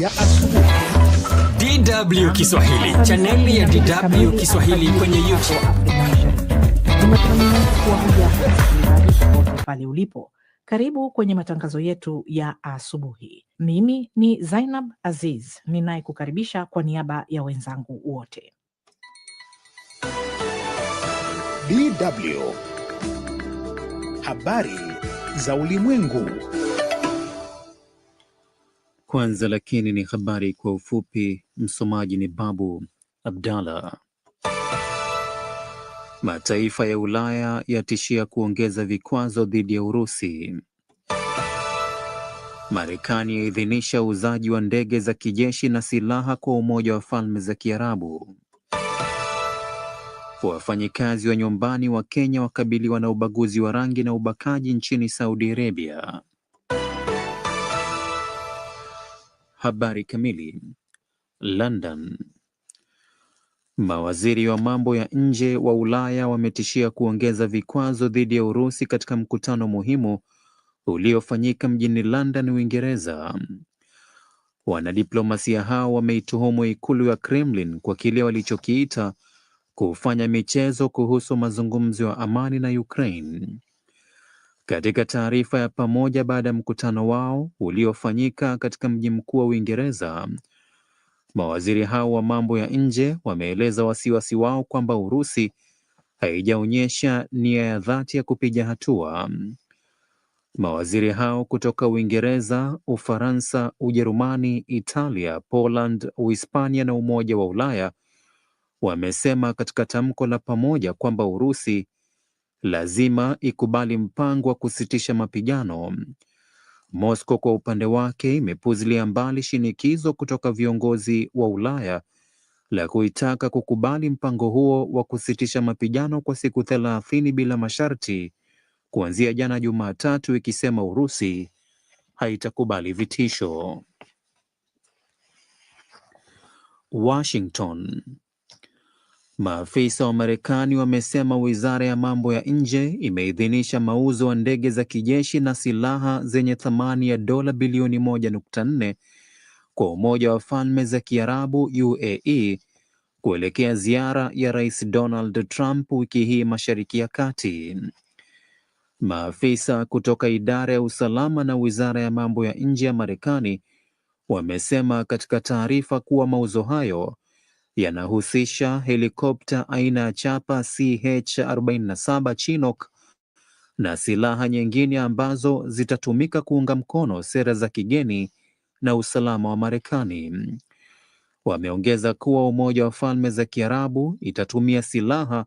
ya asubuhi. DW Kiswahili, chaneli ya DW Kiswahili kwenye YouTube pale ulipo. Karibu kwenye matangazo yetu ya asubuhi. Mimi ni Zainab Aziz ninayekukaribisha kwa niaba ya wenzangu wote. DW habari za ulimwengu. Kwanza lakini ni habari kwa ufupi, msomaji ni Babu Abdalla. Mataifa ya Ulaya yatishia kuongeza vikwazo dhidi ya Urusi. Marekani yaidhinisha uuzaji wa ndege za kijeshi na silaha kwa Umoja wa Falme za Kiarabu. Wafanyikazi wa nyumbani wa Kenya wakabiliwa na ubaguzi wa rangi na ubakaji nchini Saudi Arabia. Habari kamili. London. Mawaziri wa mambo ya nje wa Ulaya wametishia kuongeza vikwazo dhidi ya Urusi katika mkutano muhimu uliofanyika mjini London, Uingereza. Wanadiplomasia hao wameituhumu ikulu ya Kremlin kwa kile walichokiita kufanya michezo kuhusu mazungumzo ya amani na Ukraine. Katika taarifa ya pamoja baada ya mkutano wao uliofanyika katika mji mkuu wa Uingereza, mawaziri hao wa mambo ya nje wameeleza wasiwasi wao kwamba Urusi haijaonyesha nia ya dhati ya kupiga hatua. Mawaziri hao kutoka Uingereza, Ufaransa, Ujerumani, Italia, Poland, Uhispania na Umoja wa Ulaya wamesema katika tamko la pamoja kwamba Urusi lazima ikubali mpango wa kusitisha mapigano. Moscow kwa upande wake imepuzilia mbali shinikizo kutoka viongozi wa Ulaya la kuitaka kukubali mpango huo wa kusitisha mapigano kwa siku thelathini bila masharti kuanzia jana Jumatatu, ikisema Urusi haitakubali vitisho. Washington Maafisa wa Marekani wamesema wizara ya mambo ya nje imeidhinisha mauzo ya ndege za kijeshi na silaha zenye thamani ya dola bilioni 1.4 kwa Umoja wa Falme za Kiarabu UAE kuelekea ziara ya Rais Donald Trump wiki hii Mashariki ya Kati. Maafisa kutoka idara ya usalama na wizara ya mambo ya nje ya Marekani wamesema katika taarifa kuwa mauzo hayo yanahusisha helikopta aina ya Chapa CH-47 Chinook na silaha nyingine ambazo zitatumika kuunga mkono sera za kigeni na usalama wa Marekani. Wameongeza kuwa Umoja wa Falme za Kiarabu itatumia silaha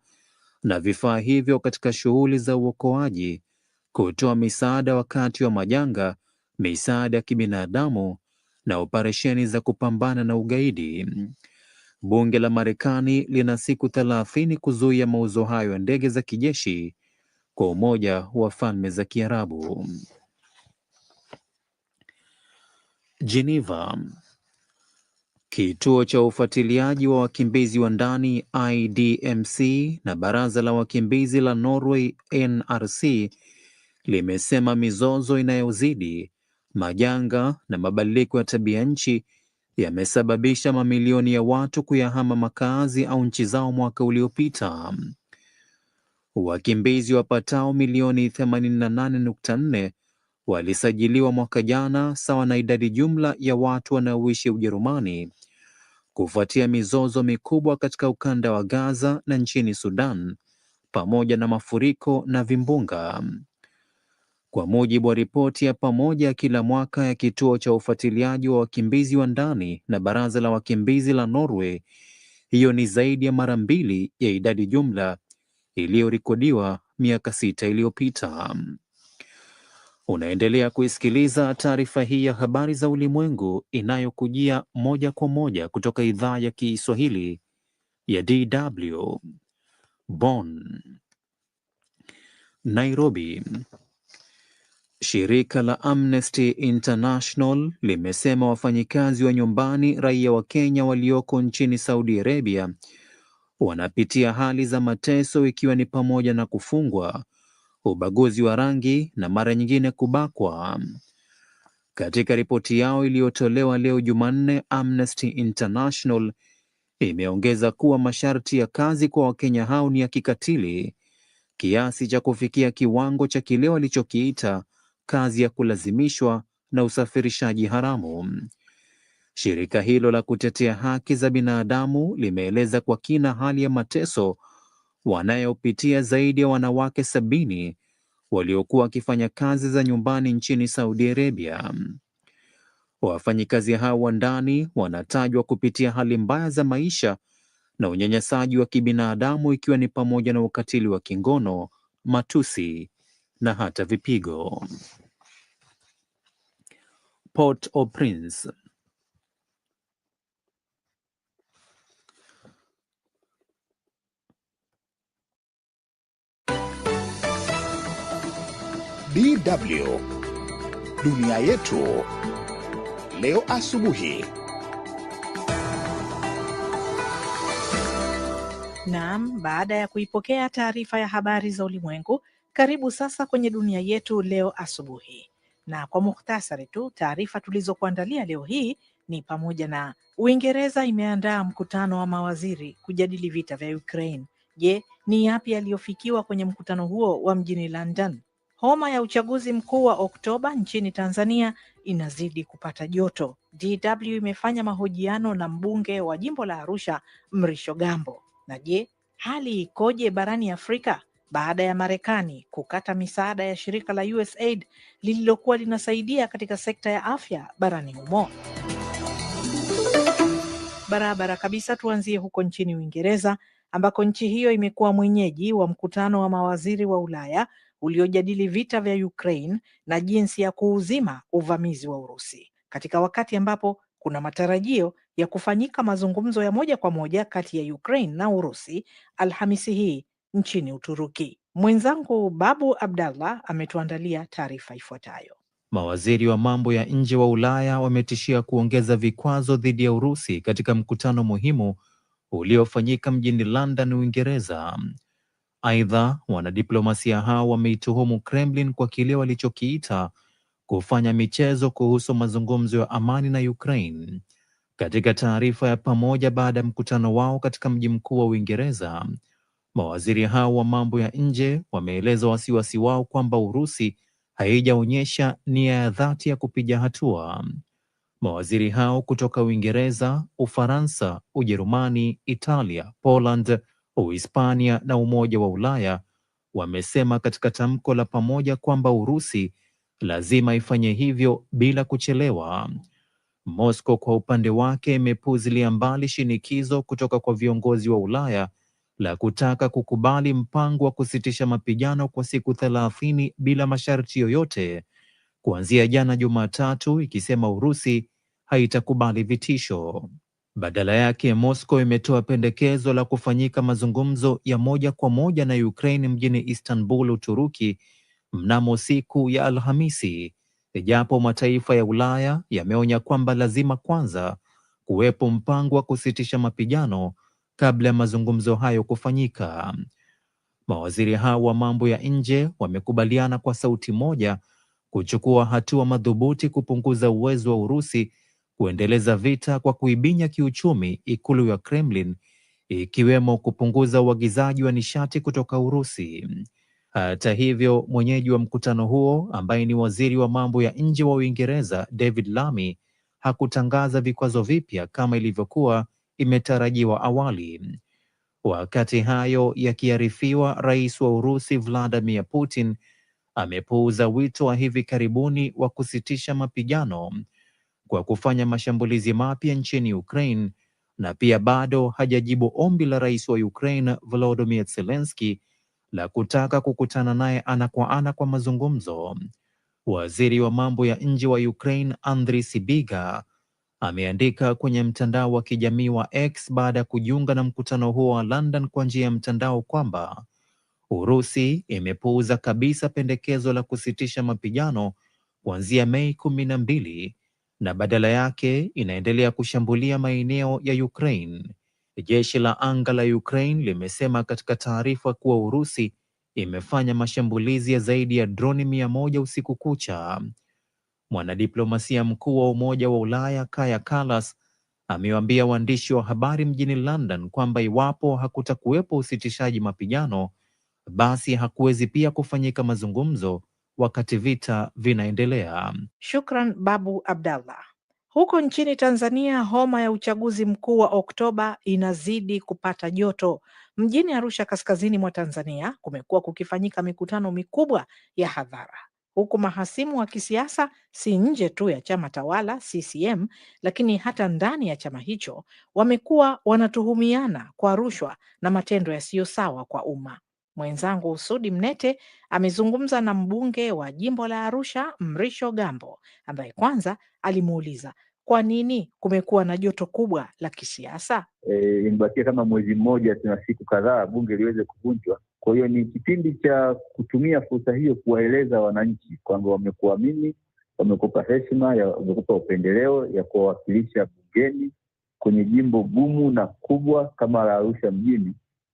na vifaa hivyo katika shughuli za uokoaji, kutoa misaada wakati wa majanga, misaada ya kibinadamu na operesheni za kupambana na ugaidi. Bunge la Marekani lina siku thelathini kuzuia mauzo hayo ya ndege za kijeshi kwa Umoja wa Falme za Kiarabu. Geneva. Kituo cha ufuatiliaji wa wakimbizi wa ndani IDMC na Baraza la Wakimbizi la Norway NRC limesema mizozo inayozidi, majanga na mabadiliko ya tabia nchi yamesababisha mamilioni ya watu kuyahama makazi au nchi zao mwaka uliopita. Wakimbizi wapatao milioni 88.4 walisajiliwa mwaka jana, sawa na idadi jumla ya watu wanaoishi Ujerumani, kufuatia mizozo mikubwa katika ukanda wa Gaza na nchini Sudan, pamoja na mafuriko na vimbunga. Kwa mujibu wa ripoti ya pamoja ya kila mwaka ya kituo cha ufuatiliaji wa wakimbizi wa ndani na baraza la wakimbizi la Norway, hiyo ni zaidi ya mara mbili ya idadi jumla iliyorekodiwa miaka sita iliyopita. Unaendelea kuisikiliza taarifa hii ya habari za ulimwengu inayokujia moja kwa moja kutoka idhaa ya Kiswahili ya DW Bonn, Nairobi Shirika la Amnesty International limesema wafanyikazi wa nyumbani raia wa Kenya walioko nchini Saudi Arabia wanapitia hali za mateso ikiwa ni pamoja na kufungwa, ubaguzi wa rangi na mara nyingine kubakwa. Katika ripoti yao iliyotolewa leo Jumanne, Amnesty International imeongeza kuwa masharti ya kazi kwa Wakenya hao ni ya kikatili kiasi cha kufikia kiwango cha kile walichokiita kazi ya kulazimishwa na usafirishaji haramu. Shirika hilo la kutetea haki za binadamu limeeleza kwa kina hali ya mateso wanayopitia zaidi ya wanawake sabini waliokuwa wakifanya kazi za nyumbani nchini Saudi Arabia. Wafanyikazi hao wa ndani wanatajwa kupitia hali mbaya za maisha na unyanyasaji wa kibinadamu ikiwa ni pamoja na ukatili wa kingono, matusi, na hata vipigo. Port-au-Prince DW Dunia Yetu Leo Asubuhi. Naam, baada ya kuipokea taarifa ya habari za ulimwengu, karibu sasa kwenye dunia yetu leo asubuhi, na kwa muhtasari tu taarifa tulizokuandalia leo hii ni pamoja na Uingereza imeandaa mkutano wa mawaziri kujadili vita vya Ukraine. Je, ni yapi yaliyofikiwa kwenye mkutano huo wa mjini London? Homa ya uchaguzi mkuu wa Oktoba nchini Tanzania inazidi kupata joto. DW imefanya mahojiano na mbunge wa jimbo la Arusha Mrisho Gambo. Na je, hali ikoje barani Afrika baada ya Marekani kukata misaada ya shirika la USAID lililokuwa linasaidia katika sekta ya afya barani humo. Barabara kabisa, tuanzie huko nchini Uingereza ambako nchi hiyo imekuwa mwenyeji wa mkutano wa mawaziri wa Ulaya uliojadili vita vya Ukraine na jinsi ya kuuzima uvamizi wa Urusi katika wakati ambapo kuna matarajio ya kufanyika mazungumzo ya moja kwa moja kati ya Ukraine na Urusi Alhamisi hii nchini Uturuki. Mwenzangu Babu Abdallah ametuandalia taarifa ifuatayo. Mawaziri wa mambo ya nje wa Ulaya wametishia kuongeza vikwazo dhidi ya Urusi katika mkutano muhimu uliofanyika mjini London, Uingereza. Aidha, wanadiplomasia hao wameituhumu Kremlin kwa kile walichokiita kufanya michezo kuhusu mazungumzo ya amani na Ukraine. Katika taarifa ya pamoja baada ya mkutano wao katika mji mkuu wa Uingereza, Mawaziri hao wa mambo ya nje wameeleza wasiwasi wao kwamba Urusi haijaonyesha nia ya dhati ya kupiga hatua. Mawaziri hao kutoka Uingereza, Ufaransa, Ujerumani, Italia, Poland, Uhispania na Umoja wa Ulaya wamesema katika tamko la pamoja kwamba Urusi lazima ifanye hivyo bila kuchelewa. Moscow kwa upande wake imepuzilia mbali shinikizo kutoka kwa viongozi wa Ulaya la kutaka kukubali mpango wa kusitisha mapigano kwa siku thelathini bila masharti yoyote kuanzia jana Jumatatu, ikisema Urusi haitakubali vitisho. Badala yake, Moscow imetoa pendekezo la kufanyika mazungumzo ya moja kwa moja na Ukraine mjini Istanbul, Uturuki, mnamo siku ya Alhamisi, ijapo mataifa ya Ulaya yameonya kwamba lazima kwanza kuwepo mpango wa kusitisha mapigano kabla ya mazungumzo hayo kufanyika. Mawaziri hao wa mambo ya nje wamekubaliana kwa sauti moja kuchukua hatua madhubuti kupunguza uwezo wa Urusi kuendeleza vita kwa kuibinya kiuchumi ikulu ya Kremlin, ikiwemo kupunguza uagizaji wa nishati kutoka Urusi. Hata hivyo, mwenyeji wa mkutano huo ambaye ni waziri wa mambo ya nje wa Uingereza David Lammy hakutangaza vikwazo vipya kama ilivyokuwa imetarajiwa awali. Wakati hayo yakiarifiwa, rais wa Urusi Vladimir Putin amepuuza wito wa hivi karibuni wa kusitisha mapigano kwa kufanya mashambulizi mapya nchini Ukraine na pia bado hajajibu ombi la rais wa Ukraine Volodymyr Zelensky la kutaka kukutana naye ana kwa ana kwa mazungumzo. Waziri wa mambo ya nje wa Ukraine Andriy Sybiga ameandika kwenye mtandao wa kijamii wa X baada ya kujiunga na mkutano huo wa London kwa njia ya mtandao kwamba Urusi imepuuza kabisa pendekezo la kusitisha mapigano kuanzia Mei kumi na mbili na badala yake inaendelea kushambulia maeneo ya Ukraine. Jeshi la anga la Ukraine limesema katika taarifa kuwa Urusi imefanya mashambulizi ya zaidi ya droni mia moja usiku kucha mwanadiplomasia mkuu wa Umoja wa Ulaya kaya Kallas amewaambia waandishi wa habari mjini London kwamba iwapo hakutakuwepo usitishaji mapigano, basi hakuwezi pia kufanyika mazungumzo wakati vita vinaendelea. Shukran Babu Abdallah. Huko nchini Tanzania, homa ya uchaguzi mkuu wa Oktoba inazidi kupata joto. Mjini Arusha, kaskazini mwa Tanzania, kumekuwa kukifanyika mikutano mikubwa ya hadhara huku mahasimu wa kisiasa si nje tu ya chama tawala CCM, lakini hata ndani ya chama hicho wamekuwa wanatuhumiana kwa rushwa na matendo yasiyo sawa kwa umma. Mwenzangu Usudi Mnete amezungumza na mbunge wa jimbo la Arusha Mrisho Gambo, ambaye kwanza alimuuliza kwa nini kumekuwa na joto kubwa la kisiasa. Eh, Imebakia e, kama mwezi mmoja tuna siku kadhaa bunge liweze kuvunjwa kwa hiyo ni kipindi cha kutumia fursa hiyo kuwaeleza wananchi kwamba wamekuamini, wamekupa heshima, wamekupa upendeleo ya kuwawakilisha bungeni kwenye jimbo gumu na kubwa kama la Arusha mjini.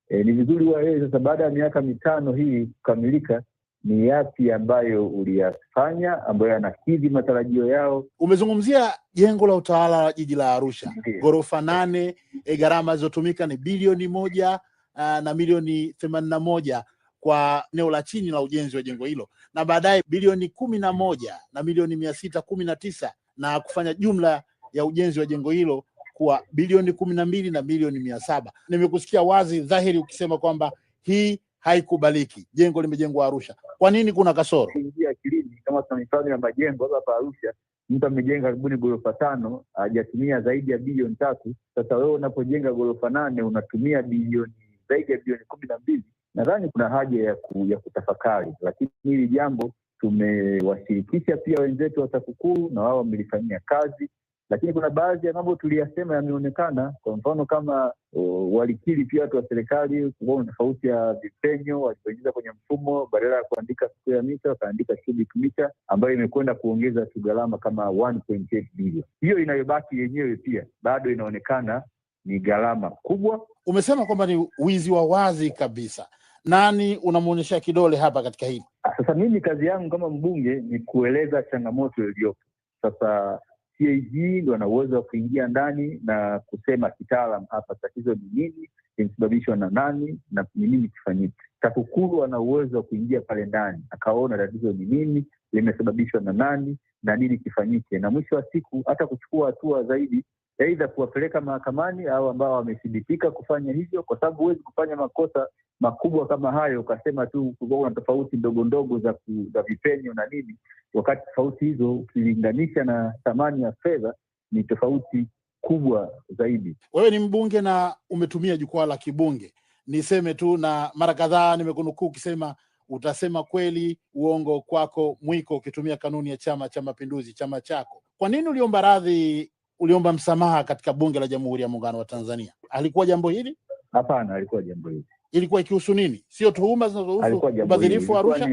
E, ni vizuri waelewe sasa, baada ya miaka mitano hii kukamilika, ni yapi ambayo uliyafanya ambayo yanakidhi matarajio yao. Umezungumzia jengo la utawala wa jiji la Arusha, ghorofa nane, e, gharama zilizotumika ni bilioni moja Uh, na milioni themanini na moja kwa eneo la chini la ujenzi wa jengo hilo na baadaye bilioni kumi na moja na milioni mia sita kumi na tisa na kufanya jumla ya ujenzi wa jengo hilo kuwa bilioni kumi na mbili na milioni mia saba. Nimekusikia wazi dhahiri ukisema kwamba hii haikubaliki, jengo limejengwa Arusha. Kwa nini kuna kasoro? Ingia akilini kama hapa Arusha, mtu amejenga karibuni ghorofa tano hajatumia zaidi ya bilioni tatu. Sasa wewe unapojenga ghorofa nane unatumia bilioni zaidi ya bilioni kumi na mbili, nadhani kuna haja ya, ku, ya kutafakari. Lakini hili jambo tumewashirikisha pia wenzetu wa TAKUKURU na wao wamelifanyia kazi, lakini kuna baadhi ya mambo tuliyasema yameonekana. Kwa mfano kama uh, walikili pia watu wa serikali kuwa na tofauti ya vipenyo walivyoingiza kwenye mfumo, badala ya kuandika square mita wakaandika cubic ambayo imekwenda kuongeza tu gharama kama 1.8 Hiyo inayobaki yenyewe pia bado inaonekana ni gharama kubwa. Umesema kwamba ni wizi wa wazi kabisa. Nani unamwonyesha kidole hapa katika hili? Sasa mimi kazi yangu kama mbunge ni kueleza changamoto iliyopo. Sasa CAG ndo ana uwezo wa kuingia ndani na kusema kitaalam hapa tatizo ni nini, limesababishwa na nani na ni nini kifanyike. TAKUKURU ana uwezo wa kuingia pale ndani akaona tatizo ni nini, limesababishwa na nani na nini kifanyike, na mwisho wa siku hata kuchukua hatua zaidi aidha kuwapeleka mahakamani au ambao wamethibitika kufanya hivyo, kwa sababu huwezi kufanya makosa makubwa kama hayo ukasema tu kuna tofauti ndogo ndogo za, za vipenyo na nini, wakati tofauti hizo ukilinganisha na thamani ya fedha ni tofauti kubwa zaidi. Wewe ni mbunge na umetumia jukwaa la kibunge, niseme tu, na mara kadhaa nimekunukuu ukisema utasema kweli, uongo kwako mwiko, ukitumia kanuni ya Chama cha Mapinduzi, chama chako. Kwa nini uliomba radhi uliomba msamaha katika bunge la Jamhuri ya Muungano wa Tanzania. Alikuwa jambo hili? Hapana, alikuwa jambo hili ilikuwa ikihusu nini? Sio tuhuma zinazohusu ubadhirifu wa Arusha,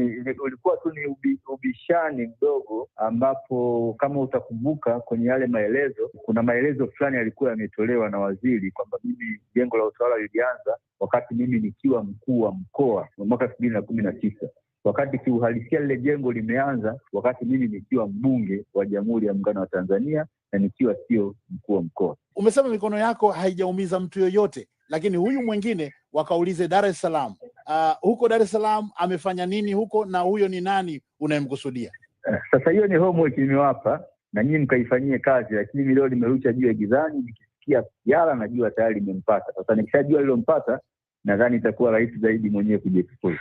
ulikuwa tu ni ubi, ubishani mdogo, ambapo kama utakumbuka kwenye yale maelezo, kuna maelezo fulani yalikuwa yametolewa na waziri kwamba mimi jengo la utawala lilianza wakati mimi nikiwa mkuu wa mkoa mwaka elfu mbili na kumi na tisa wakati kiuhalisia lile jengo limeanza wakati mimi nikiwa mbunge wa Jamhuri ya Muungano wa Tanzania na nikiwa sio mkuu wa mkoa. Umesema mikono yako haijaumiza mtu yoyote, lakini huyu mwingine wakaulize Dar es Salaam. Uh, huko Dar es Salaam amefanya nini huko, na huyo ni nani unayemkusudia? Uh, sasa hiyo ni homework nimewapa na nyinyi mkaifanyie kazi, lakini mimi leo nimerusha jua ya gizani, nikisikia yala najua tayari nimempata. Sasa nikishajua lilompata, nadhani itakuwa rahisi zaidi mwenyewe kujiexpose.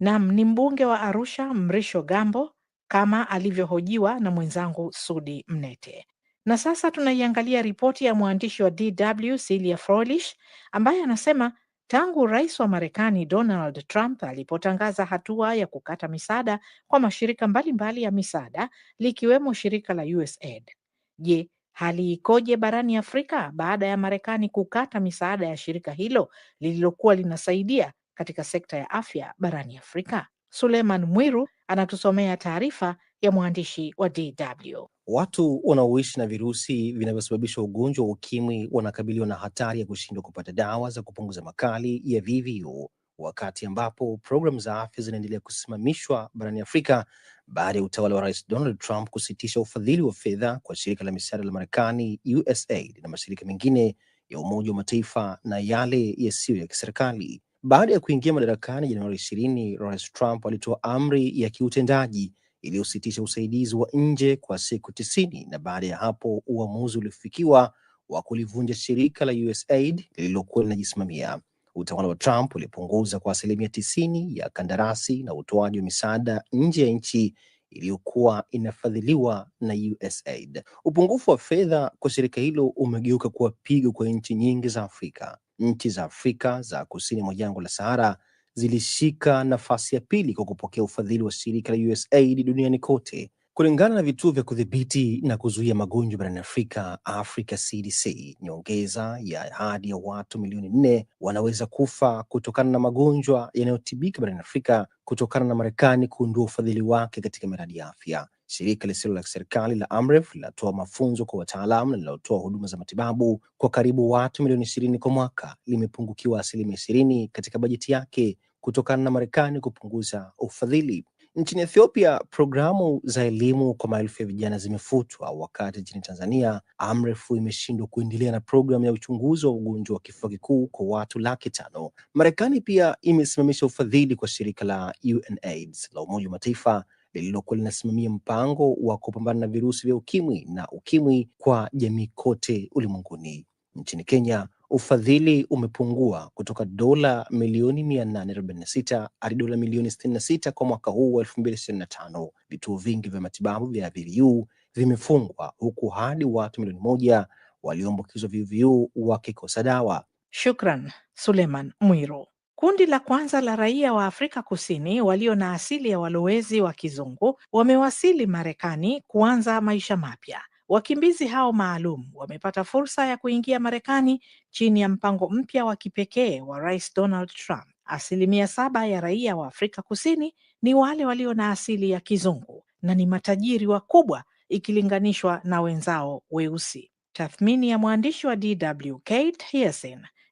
Naam, ni mbunge wa Arusha Mrisho Gambo kama alivyohojiwa na mwenzangu Sudi Mnete. Na sasa tunaiangalia ripoti ya mwandishi wa DW Celia Frolish ambaye anasema tangu rais wa Marekani Donald Trump alipotangaza hatua ya kukata misaada kwa mashirika mbalimbali mbali ya misaada likiwemo shirika la USAID. Je, hali ikoje barani Afrika baada ya Marekani kukata misaada ya shirika hilo lililokuwa linasaidia katika sekta ya afya barani Afrika. Suleiman Mwiru anatusomea taarifa ya mwandishi wa DW. Watu wanaoishi na virusi vinavyosababisha ugonjwa wa ukimwi wanakabiliwa na hatari ya kushindwa kupata dawa za kupunguza makali ya VVU wakati ambapo programu za afya zinaendelea kusimamishwa barani Afrika baada ya utawala wa Rais Donald Trump kusitisha ufadhili wa fedha kwa shirika la misaada la Marekani USAID na mashirika mengine ya Umoja wa Mataifa na yale yasiyo ya kiserikali. Baada ya kuingia madarakani Januari ishirini, Rais Trump alitoa amri ya kiutendaji iliyositisha usaidizi wa nje kwa siku tisini, na baada ya hapo uamuzi uliofikiwa wa kulivunja shirika la USAID lililokuwa linajisimamia. Utawala wa Trump ulipunguza kwa asilimia tisini ya kandarasi na utoaji wa misaada nje ya nchi iliyokuwa inafadhiliwa na USAID. Upungufu wa fedha kwa shirika hilo umegeuka kuwa pigo kwa nchi nyingi za Afrika nchi za Afrika za kusini mwa jangwa la Sahara zilishika nafasi ya pili kwa kupokea ufadhili wa shirika la USAID duniani kote, kulingana na vituo vya kudhibiti na kuzuia magonjwa barani Afrika, Africa CDC. Nyongeza ya hadi ya watu milioni nne wanaweza kufa kutokana na magonjwa yanayotibika barani Afrika kutokana na Marekani kuondoa ufadhili wake katika miradi ya afya. Shirika lisilo la serikali la Amref linatoa mafunzo kwa wataalamu na linalotoa huduma za matibabu kwa karibu watu milioni ishirini kwa mwaka limepungukiwa asilimia ishirini katika bajeti yake kutokana na Marekani kupunguza ufadhili. Nchini Ethiopia, programu za elimu kwa maelfu ya vijana zimefutwa, wakati nchini Tanzania Amref imeshindwa kuendelea na programu ya uchunguzi wa ugonjwa wa kifua kikuu kwa watu laki tano. Marekani pia imesimamisha ufadhili kwa shirika la UNAIDS la Umoja wa Mataifa lililokuwa linasimamia mpango wa kupambana na virusi vya ukimwi na ukimwi kwa jamii kote ulimwenguni. Nchini Kenya, ufadhili umepungua kutoka dola milioni 846 hadi dola milioni 66 kwa mwaka huu wa 2025. Vituo vingi vya matibabu vya VVU vimefungwa huku hadi watu milioni moja walioambukizwa VVU wakikosa dawa. Shukran, Suleiman Mwiro. Kundi la kwanza la raia wa Afrika Kusini walio na asili ya walowezi wa kizungu wamewasili Marekani kuanza maisha mapya. Wakimbizi hao maalum wamepata fursa ya kuingia Marekani chini ya mpango mpya wa kipekee wa Rais Donald Trump. Asilimia saba ya raia wa Afrika Kusini ni wale walio na asili ya kizungu na ni matajiri wakubwa ikilinganishwa na wenzao weusi. Tathmini ya mwandishi wa DW Kate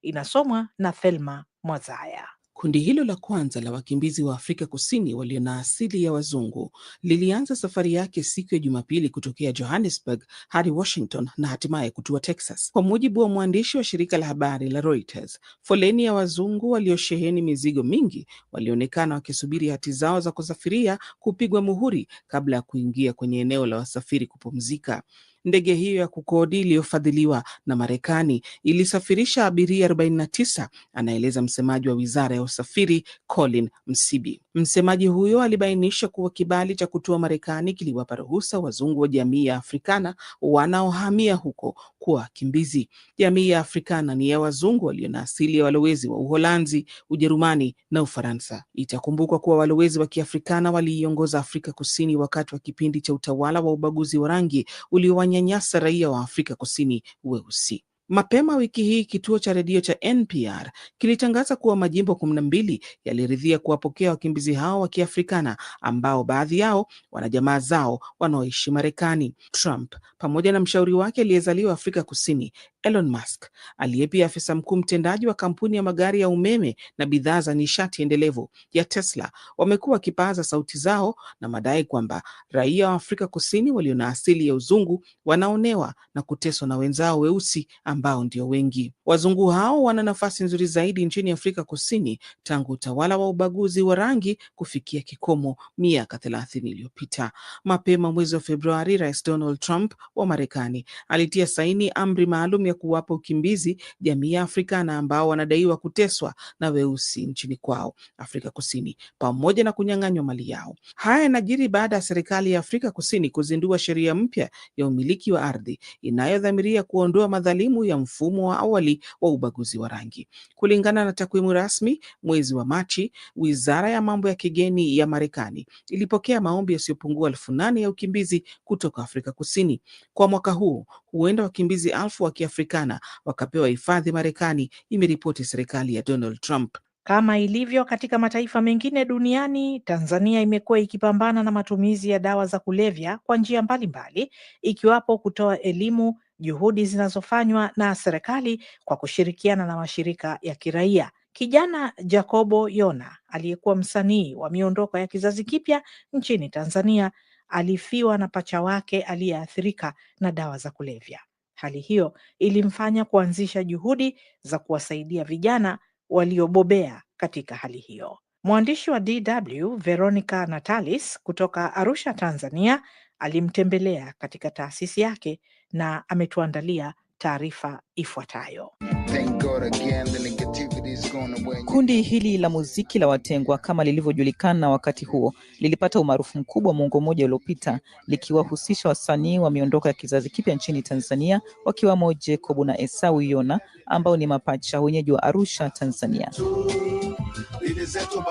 inasomwa na Thelma Mwazaya. Kundi hilo la kwanza la wakimbizi wa Afrika Kusini walio na asili ya wazungu lilianza safari yake siku ya Jumapili kutokea Johannesburg hadi Washington na hatimaye kutua Texas. Kwa mujibu wa mwandishi wa shirika la habari la Reuters, foleni ya wazungu waliosheheni mizigo mingi walionekana wakisubiri hati zao za kusafiria kupigwa muhuri kabla ya kuingia kwenye eneo la wasafiri kupumzika. Ndege hiyo ya kukodi iliyofadhiliwa na Marekani ilisafirisha abiria 49, anaeleza msemaji wa wizara ya usafiri Colin Msibi. Msemaji huyo alibainisha kuwa kibali cha kutua Marekani kiliwapa ruhusa wazungu wa jamii ya Afrikana wanaohamia huko kuwa wakimbizi. Jamii ya Afrikana ni ya wazungu walio na asili ya walowezi wa Uholanzi, Ujerumani na Ufaransa. Itakumbukwa kuwa walowezi wa Kiafrikana waliiongoza Afrika Kusini wakati wa kipindi cha utawala wa ubaguzi wa rangi uliowanyanyasa raia wa Afrika Kusini weusi. Mapema wiki hii kituo cha redio cha NPR kilitangaza kuwa majimbo 12 yaliridhia kuwapokea wakimbizi hao wa Kiafrikana ambao baadhi yao wana jamaa zao wanaoishi Marekani. Trump pamoja na mshauri wake aliyezaliwa Afrika Kusini Elon Musk, aliye pia afisa mkuu mtendaji wa kampuni ya magari ya umeme na bidhaa za nishati endelevu ya Tesla, wamekuwa wakipaaza sauti zao na madai kwamba raia wa Afrika Kusini walio na asili ya uzungu wanaonewa na kuteswa na wenzao weusi ambao ndio wengi. Wazungu hao wana nafasi nzuri zaidi nchini Afrika Kusini tangu utawala wa ubaguzi wa rangi kufikia kikomo miaka thelathini iliyopita. Mapema mwezi wa Februari, Rais Donald Trump wa Marekani alitia saini amri maalum ya kuwapa ukimbizi jamii ya Afrikana ambao wanadaiwa kuteswa na weusi nchini kwao Afrika Kusini, pamoja na kunyang'anywa mali yao. Haya yanajiri baada ya serikali ya Afrika Kusini kuzindua sheria mpya ya umiliki wa ardhi inayodhamiria kuondoa madhalimu ya mfumo wa awali wa ubaguzi wa rangi. Kulingana na takwimu rasmi, mwezi wa Machi, wizara ya mambo ya kigeni ya Marekani ilipokea maombi yasiyopungua elfu nane ya ukimbizi kutoka Afrika Kusini. Kwa mwaka huu, huenda wakimbizi elfu wa Kiafrikana wakapewa hifadhi Marekani, imeripoti serikali ya Donald Trump. Kama ilivyo katika mataifa mengine duniani, Tanzania imekuwa ikipambana na matumizi ya dawa za kulevya kwa njia mbalimbali, ikiwapo kutoa elimu juhudi zinazofanywa na serikali kwa kushirikiana na mashirika ya kiraia. Kijana Jacobo Yona aliyekuwa msanii wa miondoko ya kizazi kipya nchini Tanzania alifiwa na pacha wake aliyeathirika na dawa za kulevya. Hali hiyo ilimfanya kuanzisha juhudi za kuwasaidia vijana waliobobea katika hali hiyo. Mwandishi wa DW Veronica Natalis kutoka Arusha, Tanzania, alimtembelea katika taasisi yake na ametuandalia taarifa ifuatayo. Kundi hili la muziki la Watengwa kama lilivyojulikana wakati huo lilipata umaarufu mkubwa mwongo mmoja uliopita, likiwahusisha wasanii wa miondoko ya kizazi kipya nchini Tanzania, wakiwamo Jacob na Esau Yona ambao ni mapacha wenyeji wa Arusha, Tanzania.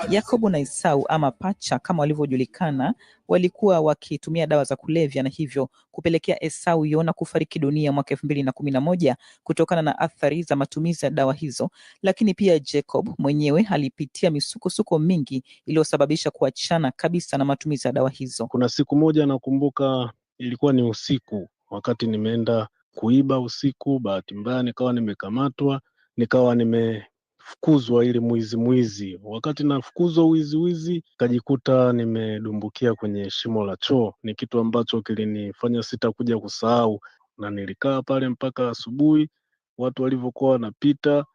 Yakobo na Esau ama pacha kama walivyojulikana walikuwa wakitumia dawa za kulevya na hivyo kupelekea Esau Yona kufariki dunia mwaka elfu mbili na kumi na moja kutokana na athari za matumizi ya dawa hizo. Lakini pia Jacob mwenyewe alipitia misukosuko mingi iliyosababisha kuachana kabisa na matumizi ya dawa hizo. Kuna siku moja nakumbuka, ilikuwa ni usiku, wakati nimeenda kuiba usiku, bahati mbaya nikawa nimekamatwa, nikawa nime kufukuzwa ile mwizi mwizi. Wakati nafukuzwa wizi wizi, kajikuta nimedumbukia kwenye shimo la choo. Ni kitu ambacho kilinifanya sitakuja kusahau, na nilikaa pale mpaka asubuhi, watu walivyokuwa wanapita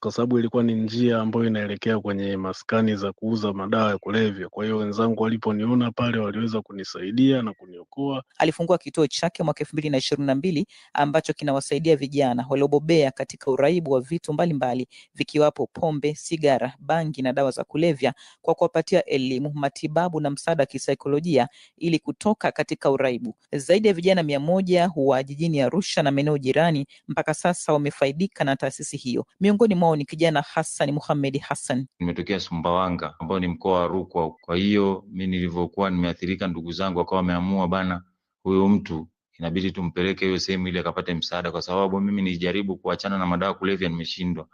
kwa sababu ilikuwa ni njia ambayo inaelekea kwenye maskani za kuuza madawa ya kulevya. Kwa hiyo wenzangu waliponiona pale waliweza kunisaidia na kuniokoa. Alifungua kituo chake mwaka elfu mbili na ishirini na mbili ambacho kinawasaidia vijana waliobobea katika uraibu wa vitu mbalimbali vikiwapo pombe, sigara, bangi na dawa za kulevya kwa kuwapatia elimu, matibabu na msaada wa kisaikolojia ili kutoka katika uraibu. Zaidi ya vijana mia moja wa jijini Arusha na maeneo jirani mpaka sasa wamefaidika na taasisi hiyo. Miongoni mwa ambao ni kijana Hassan Muhamed Hassan. Nimetokea Sumbawanga ambao ni mkoa wa Rukwa. Kwa hiyo mi nilivyokuwa nimeathirika, ndugu zangu wakawa wameamua bana, huyo mtu inabidi tumpeleke hiyo sehemu ili akapate msaada, kwa sababu mimi nijaribu kuachana na madawa kulevya nimeshindwa.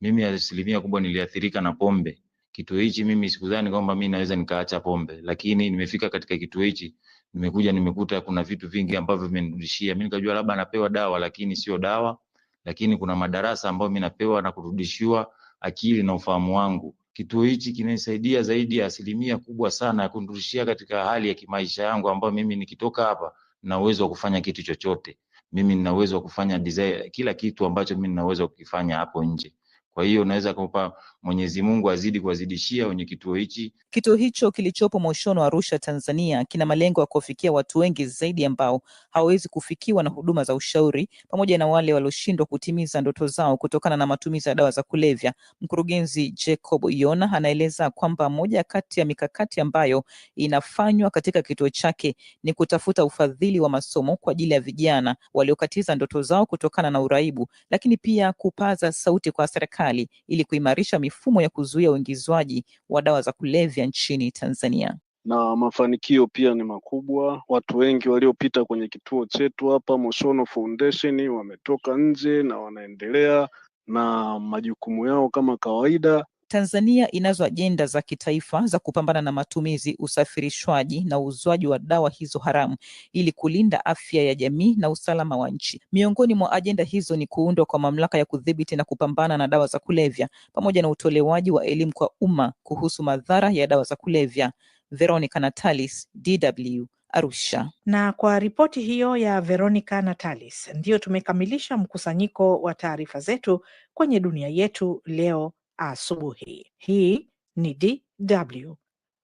Mimi asilimia kubwa niliathirika na pombe. Kituo hichi mimi sikudhani kwamba mi naweza nikaacha pombe, lakini nimefika katika kituo hichi, nimekuja nimekuta kuna vitu vingi ambavyo vimenirudishia. Mi nikajua labda anapewa dawa, lakini sio dawa lakini kuna madarasa ambayo mi napewa na kurudishiwa akili na ufahamu wangu. Kituo hichi kinanisaidia zaidi ya asilimia kubwa sana ya kunirudishia katika hali ya kimaisha yangu, ambayo mimi nikitoka hapa na uwezo wa kufanya kitu chochote. Mimi nina uwezo wa kufanya design, kila kitu ambacho mimi nina uwezo wa kukifanya hapo nje. Kwa hiyo naweza kupa Mwenyezi Mungu azidi kuwazidishia wenye kituo hichi. Kituo hicho kilichopo Moshono, Arusha, Tanzania, kina malengo ya kuwafikia watu wengi zaidi ambao hawawezi kufikiwa na huduma za ushauri, pamoja na wale walioshindwa kutimiza ndoto zao kutokana na matumizi ya dawa za kulevya. Mkurugenzi Jacob Yona anaeleza kwamba moja kati ya mikakati ambayo inafanywa katika kituo chake ni kutafuta ufadhili wa masomo kwa ajili ya vijana waliokatiza ndoto zao kutokana na uraibu, lakini pia kupaza sauti kwa serikali ili kuimarisha mifumo ya kuzuia uingizwaji wa dawa za kulevya nchini Tanzania na mafanikio pia ni makubwa. Watu wengi waliopita kwenye kituo chetu hapa Moshono Foundation wametoka nje na wanaendelea na majukumu yao kama kawaida. Tanzania inazo ajenda za kitaifa za kupambana na matumizi, usafirishwaji na uuzwaji wa dawa hizo haramu ili kulinda afya ya jamii na usalama wa nchi. Miongoni mwa ajenda hizo ni kuundwa kwa mamlaka ya kudhibiti na kupambana na dawa za kulevya pamoja na utolewaji wa elimu kwa umma kuhusu madhara ya dawa za kulevya. Veronica Natalis, DW Arusha. Na kwa ripoti hiyo ya Veronica Natalis, ndiyo tumekamilisha mkusanyiko wa taarifa zetu kwenye dunia yetu leo asubuhi. Hii ni DW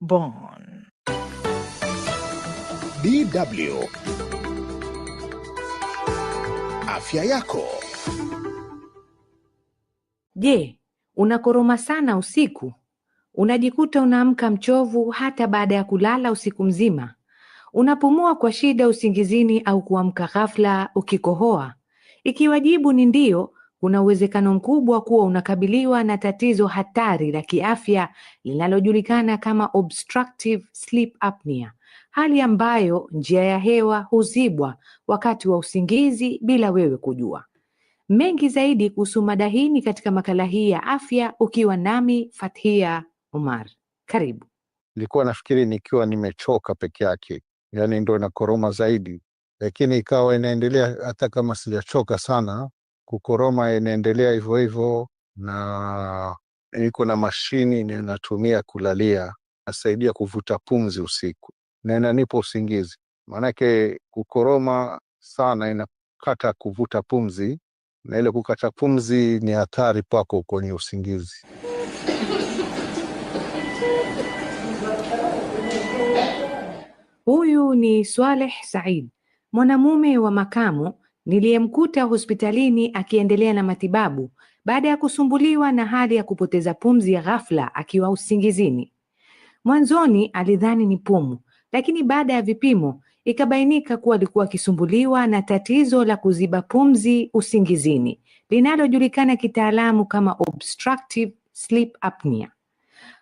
Bonn. DW afya yako. Je, unakoroma sana usiku? Unajikuta unaamka mchovu hata baada ya kulala usiku mzima? Unapumua kwa shida usingizini au kuamka ghafla ukikohoa? Ikiwa jibu ni ndiyo, kuna uwezekano mkubwa kuwa unakabiliwa na tatizo hatari la kiafya linalojulikana kama obstructive sleep apnea, hali ambayo njia ya hewa huzibwa wakati wa usingizi bila wewe kujua. Mengi zaidi kuhusu mada hii ni katika makala hii ya afya, ukiwa nami Fathia Omar. Karibu. Nilikuwa nafikiri nikiwa nimechoka peke yake, yani ndo inakoroma zaidi, lakini ikawa inaendelea hata kama sijachoka sana Kukoroma inaendelea hivyo hivyo, na iko na mashini ninatumia kulalia, nasaidia kuvuta pumzi usiku na inanipa usingizi. Maanake kukoroma sana inakata kuvuta pumzi, na ile kukata pumzi ni hatari pako kwenye usingizi. Huyu ni Swaleh Said, mwanamume wa makamu niliyemkuta hospitalini akiendelea na matibabu baada ya kusumbuliwa na hali ya kupoteza pumzi ya ghafla akiwa usingizini. Mwanzoni alidhani ni pumu, lakini baada ya vipimo ikabainika kuwa alikuwa akisumbuliwa na tatizo la kuziba pumzi usingizini linalojulikana kitaalamu kama obstructive sleep apnea.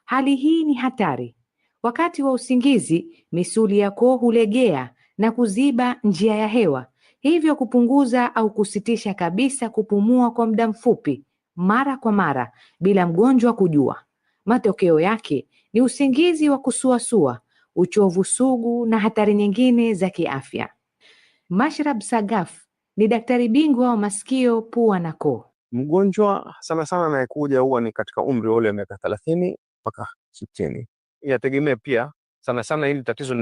Hali hii ni hatari. Wakati wa usingizi, misuli ya koo hulegea na kuziba njia ya hewa, hivyo kupunguza au kusitisha kabisa kupumua kwa muda mfupi mara kwa mara bila mgonjwa kujua. Matokeo yake ni usingizi wa kusuasua, uchovu sugu na hatari nyingine za kiafya. Mashrab Sagaf ni daktari bingwa wa masikio, pua na koo. Mgonjwa sana sana anayekuja huwa ni katika umri wa ule miaka thelathini mpaka sitini. Yategemea pia sana sana, hili tatizo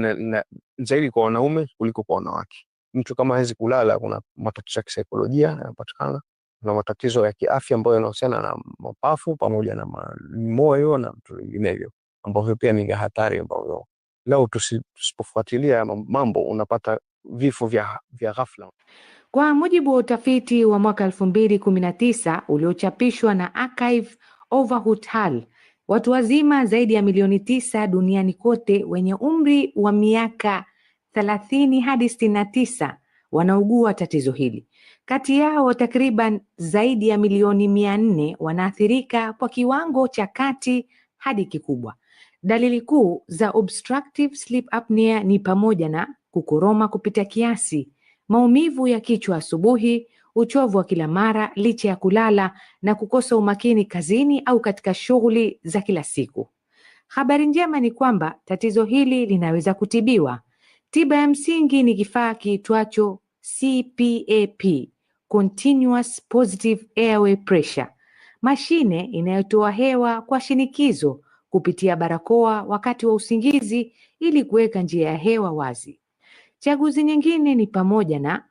zaidi kwa wanaume kuliko kwa wanawake mtu kama hawezi kulala, kuna matatizo ya kisaikolojia yanapatikana, kuna matatizo ya kiafya ambayo yanahusiana na mapafu pamoja na moyo na vitu vinginevyo, ambavyo pia ni hatari, ambavyo leo tusipofuatilia mambo unapata vifo vya, vya ghafla. Kwa mujibu wa utafiti wa mwaka elfu mbili kumi na tisa uliochapishwa na Archive watu wazima zaidi ya milioni tisa duniani kote wenye umri wa miaka thelathini hadi sitini na tisa wanaugua tatizo hili. Kati yao takriban zaidi ya milioni mia nne wanaathirika kwa kiwango cha kati hadi kikubwa. Dalili kuu za obstructive sleep apnea ni pamoja na kukoroma kupita kiasi, maumivu ya kichwa asubuhi, uchovu wa kila mara licha ya kulala, na kukosa umakini kazini au katika shughuli za kila siku. Habari njema ni kwamba tatizo hili linaweza kutibiwa Tiba ya msingi ni kifaa kiitwacho CPAP, Continuous Positive Airway Pressure, mashine inayotoa hewa kwa shinikizo kupitia barakoa wakati wa usingizi ili kuweka njia ya hewa wazi. Chaguzi nyingine ni pamoja na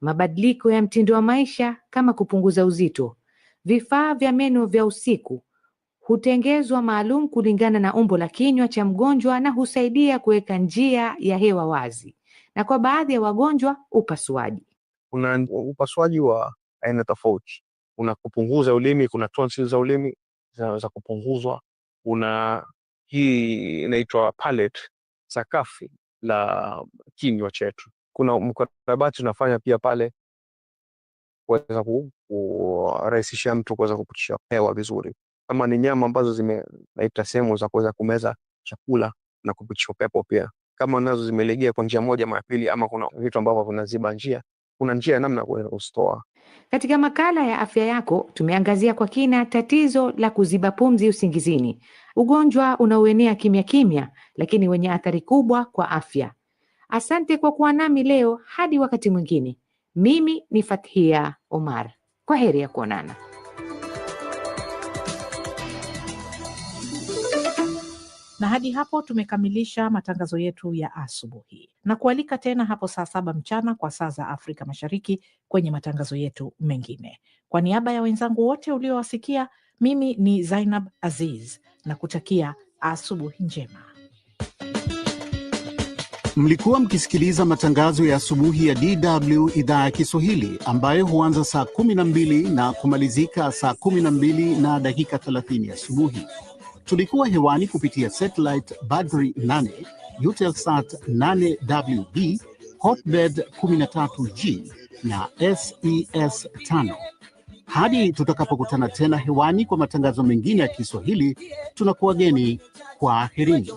mabadiliko ya mtindo wa maisha kama kupunguza uzito, vifaa vya meno vya usiku hutengezwa maalum kulingana na umbo la kinywa cha mgonjwa na husaidia kuweka njia ya hewa wazi, na kwa baadhi ya wagonjwa upasuaji. Kuna upasuaji wa aina tofauti, kuna kupunguza ulimi, kuna tonsil za ulimi zinaweza kupunguzwa, kuna hii inaitwa palate, sakafu la kinywa chetu. Kuna mkarabati unafanya pia pale kuweza kurahisishia mtu kuweza kupitisha hewa vizuri kama ni nyama ambazo zimeita sehemu za kuweza kumeza chakula na kupitisha upepo pia, kama nazo zimelegea kwa njia moja ama pili, ama kuna vitu ambavyo vinaziba njia, kuna njia ya namna ya kuweza kustoa. Katika makala ya afya yako tumeangazia kwa kina tatizo la kuziba pumzi usingizini, ugonjwa unaoenea kimya kimya, lakini wenye athari kubwa kwa afya. Asante kwa kuwa nami leo, hadi wakati mwingine. Mimi ni Fathia Omar, kwa heri ya kuonana. na hadi hapo tumekamilisha matangazo yetu ya asubuhi, na kualika tena hapo saa saba mchana kwa saa za Afrika Mashariki kwenye matangazo yetu mengine. Kwa niaba ya wenzangu wote uliowasikia, mimi ni Zainab Aziz na kutakia asubuhi njema. Mlikuwa mkisikiliza matangazo ya asubuhi ya DW idhaa ya Kiswahili ambayo huanza saa 12 na kumalizika saa 12 na dakika 30 asubuhi. Tulikuwa hewani kupitia satellite Badri 8, Eutelsat 8WB, Hotbird 13G na SES 5. E Hadi tutakapokutana tena hewani kwa matangazo mengine ya Kiswahili, tunakuwageni kwa aherini.